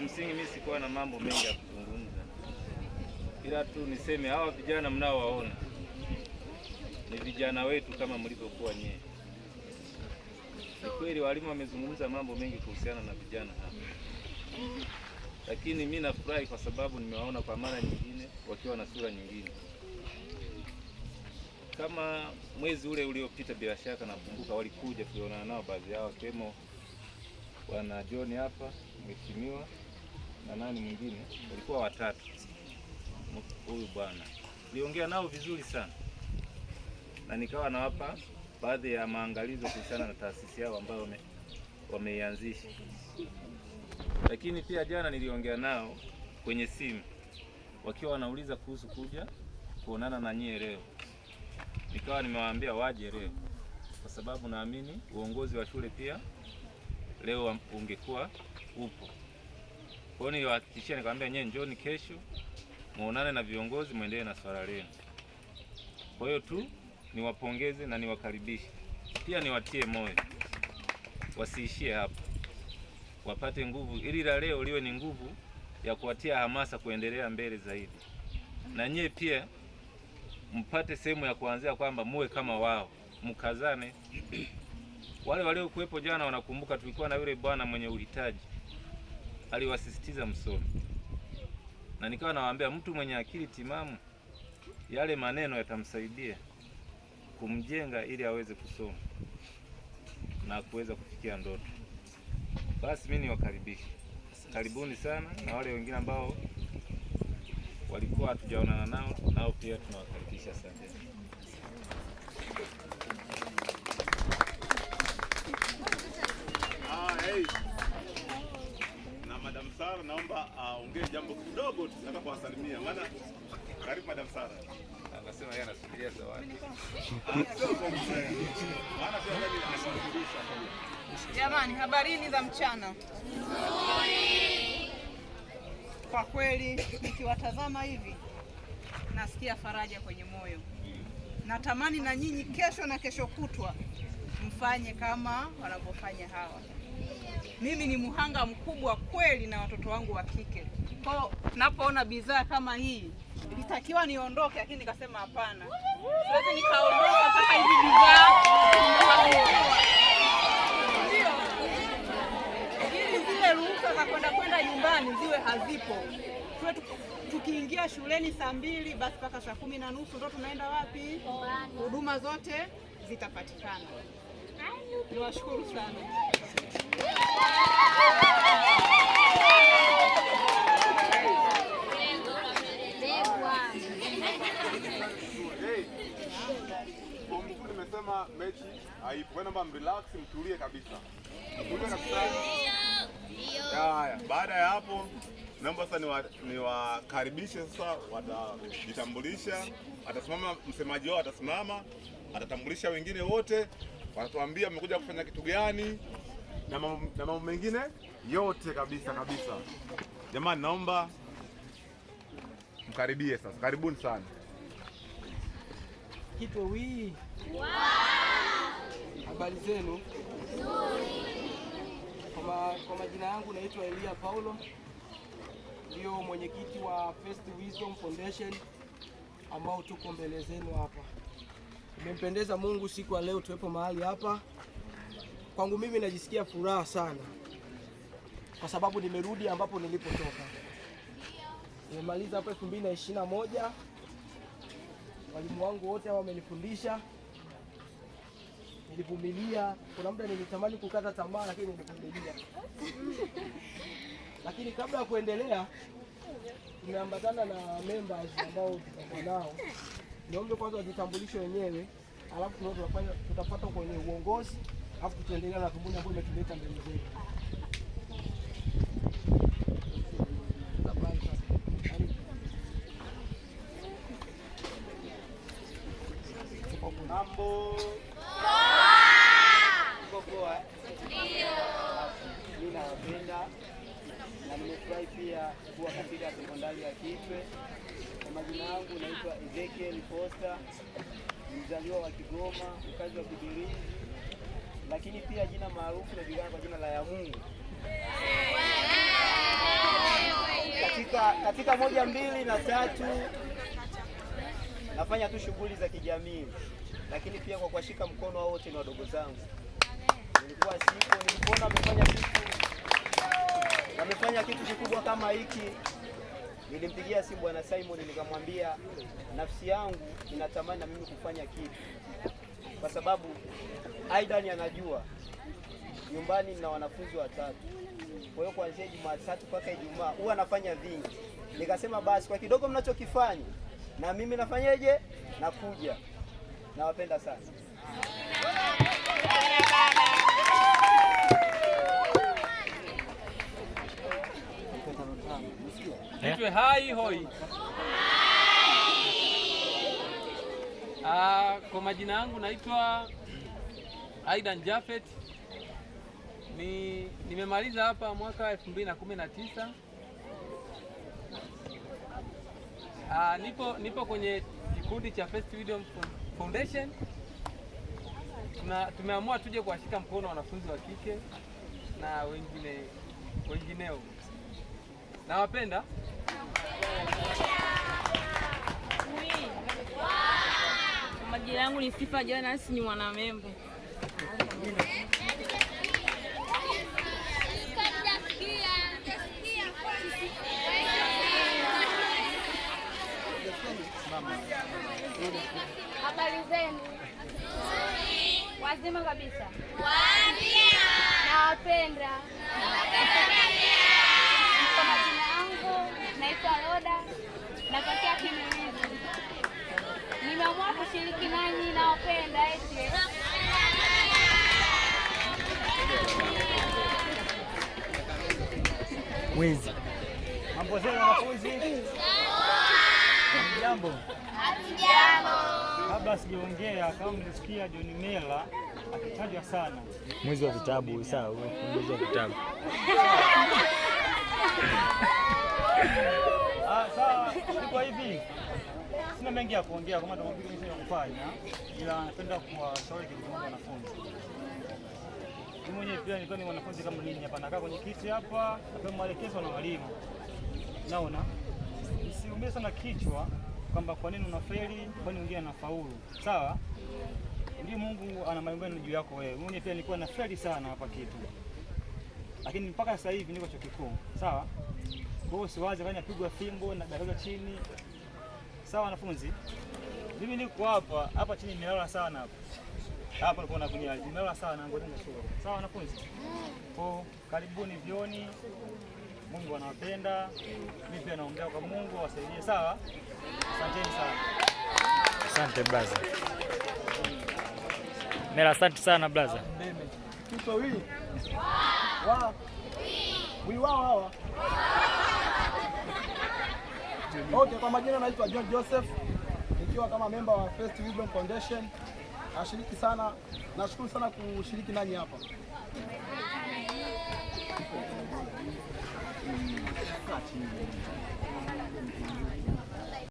kimsingi mimi sikuwa na mambo mengi ya kuzungumza, ila tu niseme hawa vijana mnaowaona ni vijana wetu kama mlivyokuwa nyee Ni kweli walimu wamezungumza mambo mengi kuhusiana na vijana hapa, lakini mimi nafurahi kwa sababu nimewaona kwa mara nyingine wakiwa na sura nyingine. Kama mwezi ule uliopita, bila shaka nakumbuka, walikuja tulionana nao baadhi yao, wakiwemo bwana John hapa mheshimiwa na nani mwingine, walikuwa watatu. Huyu bwana niliongea nao vizuri sana, na nikawa nawapa baadhi ya maangalizo kuhusiana na taasisi yao ambayo wameianzisha wame, lakini pia jana niliongea nao kwenye simu wakiwa wanauliza kuhusu kuja kuonana na nyie leo, nikawa nimewaambia waje leo kwa sababu naamini uongozi wa shule pia leo ungekuwa upo. Kwa hiyo niliwahakikishia, nikamwambia nyewe njoni kesho muonane na viongozi muendelee na swala lenu. Kwa hiyo tu niwapongeze na niwakaribishe pia, niwatie moyo wasiishie hapo, wapate nguvu ili la leo liwe ni nguvu ya kuwatia hamasa kuendelea mbele zaidi, na nyie pia mpate sehemu ya kuanzia kwamba muwe kama wao, mkazane. Wale waliokuwepo jana wanakumbuka, tulikuwa na yule bwana mwenye uhitaji aliwasisitiza msomi, na nikawa nawaambia mtu mwenye akili timamu yale maneno yatamsaidia kumjenga ili aweze kusoma na kuweza kufikia ndoto. Basi mimi niwakaribishe, karibuni sana, na wale wengine ambao walikuwa hatujaonana nao nao pia tunawakaribisha sana. nataka kuwasalimia, maana karibu Madam Sara anasema yeye anasubiria zawadi, Jamani, habarini za mchana. Kwa kweli nikiwatazama hivi nasikia faraja kwenye moyo. Natamani na nyinyi kesho na kesho kutwa mfanye kama wanavyofanya hawa mimi ni mhanga mkubwa kweli na watoto wangu wa kike. Kwa napoona bidhaa kama hii nilitakiwa niondoke, lakini nikasema hapana, siwezi nikaondoka mpaka hizi bidhaa ili zile ruhusa za kwenda kwenda nyumbani ziwe hazipo. Tuwe tukiingia shuleni saa mbili basi mpaka saa kumi na nusu ndo tunaenda wapi? Huduma zote zitapatikana. Niwashukuru sana. Nimesema mechi haipo, naomba mrelax, mtulie kabisa, mtulie kabisa. Haya, baada ya hapo naomba sasa niwakaribishe sasa, watajitambulisha, atasimama msemaji wao, atasimama atatambulisha wengine wote, watatuambia mmekuja kufanya kitu gani na mambo mengine yote kabisa kabisa. Jamani, naomba mkaribie sasa. Karibuni sana Kitwe wii. Wow. Habari zenu? Kwa, kwa majina yangu naitwa Elia Paulo, ndio mwenyekiti wa First Wisdom Foundation ambao tuko mbele zenu hapa. Imempendeza Mungu siku ya leo tuwepo mahali hapa Kwangu mimi najisikia furaha sana kwa sababu nimerudi ambapo nilipotoka. Nimemaliza hapa moja Walimu wangu wote wamenifundisha, nilivumilia. Kuna muda nilitamani kukata tamaa, lakini nilivumilia. Lakini kabla ya kuendelea, tumeambatana na members ambao tutakuwa nao. Niombe kwanza wajitambulishe wenyewe, alafu tunafanya tutapata kwenye uongozi Alafu tutaendelea na kampuni ambayo imetuleta mbele zetu. Mimi nawapenda na nimefurahi pia kuwa katika ya sekondari ya Kitwe. Kwa majina yangu naitwa Ezekiel Foster, mzaliwa wa Kigoma, mkazi wa Kibirizi lakini pia jina maarufu inajulikana kwa jina la ya Mungu. Katika, katika moja mbili na tatu nafanya tu shughuli za kijamii, lakini pia kwa kuwashika mkono wao wote ni wadogo zangu. Nilikuwa siko, nilikuona wamefanya kitu amefanya kitu kikubwa kama hiki, nilimpigia simu bwana Simon, nikamwambia nafsi yangu inatamani na mimi kufanya kitu kwa sababu Aidan anajua nyumbani na wanafunzi watatu, kwa hiyo kuanzia Jumatatu mpaka Ijumaa huwa anafanya vingi. Nikasema basi kwa kidogo mnachokifanya na mimi nafanyeje, nakuja. Nawapenda sana. Hai hoi Uh, kwa majina yangu naitwa Aidan Jafet. Ni nimemaliza hapa mwaka 2019. Ah, nipo nipo kwenye kikundi cha First Freedom Foundation. Tuna, tumeamua tuje kuwashika mkono wanafunzi wa kike na wengine wengineo. Nawapenda. Majina yangu ni Sifa Jonas, ni mwanamembo. Habari zenu? Wazima kabisa? Nawapenda. nashiriki nanyi, nawapenda eti mwezi. Mambo zenu wanafunzi, jambo. Kabla sijaongea, kama mlisikia John Mela akitajwa sana, mwezi wa vitabu. Sawa, mwezi wa vitabu ah, sawa, kwa hivi Sina mengi ya kuongea kama ya kufanya, ila napenda kuwashauri kitu kimoja wanafunzi. Mimi mwenyewe pia nilikuwa ni mwanafunzi kama ninyi hapa, nakaa kwenye kiti hapa, napewa maelekezo na walimu. Naona msiumie sana kichwa kwamba kwa nini unafeli, kwa nini mwingine anafaulu. Sawa, ndio Mungu ana maungano juu yako wewe. Mimi pia nilikuwa na feli sana hapa kitu, lakini mpaka sasa hivi niko chuo kikuu. Sawa, kwa hiyo siwaze kwani apigwa fimbo na daraja chini Sawa wanafunzi, mimi niko hapa hapa chini, nimelala sana hapa hapa, nilikuwa nakunywa, nimelala sana ngoja nishukuru. Sawa wanafunzi, kwa karibuni vioni, Mungu anawapenda, mimi pia naombea kwa Mungu awasaidie. Sawa, asanteni sana. Asante brother mela asante sana brother. Kitu wii. Wao. Wii wao hawa. Okay, kwa majina naitwa John Joseph nikiwa kama memba wa First Wisdom Foundation. Nashiriki sana, nashukuru sana kushiriki nanyi hapa.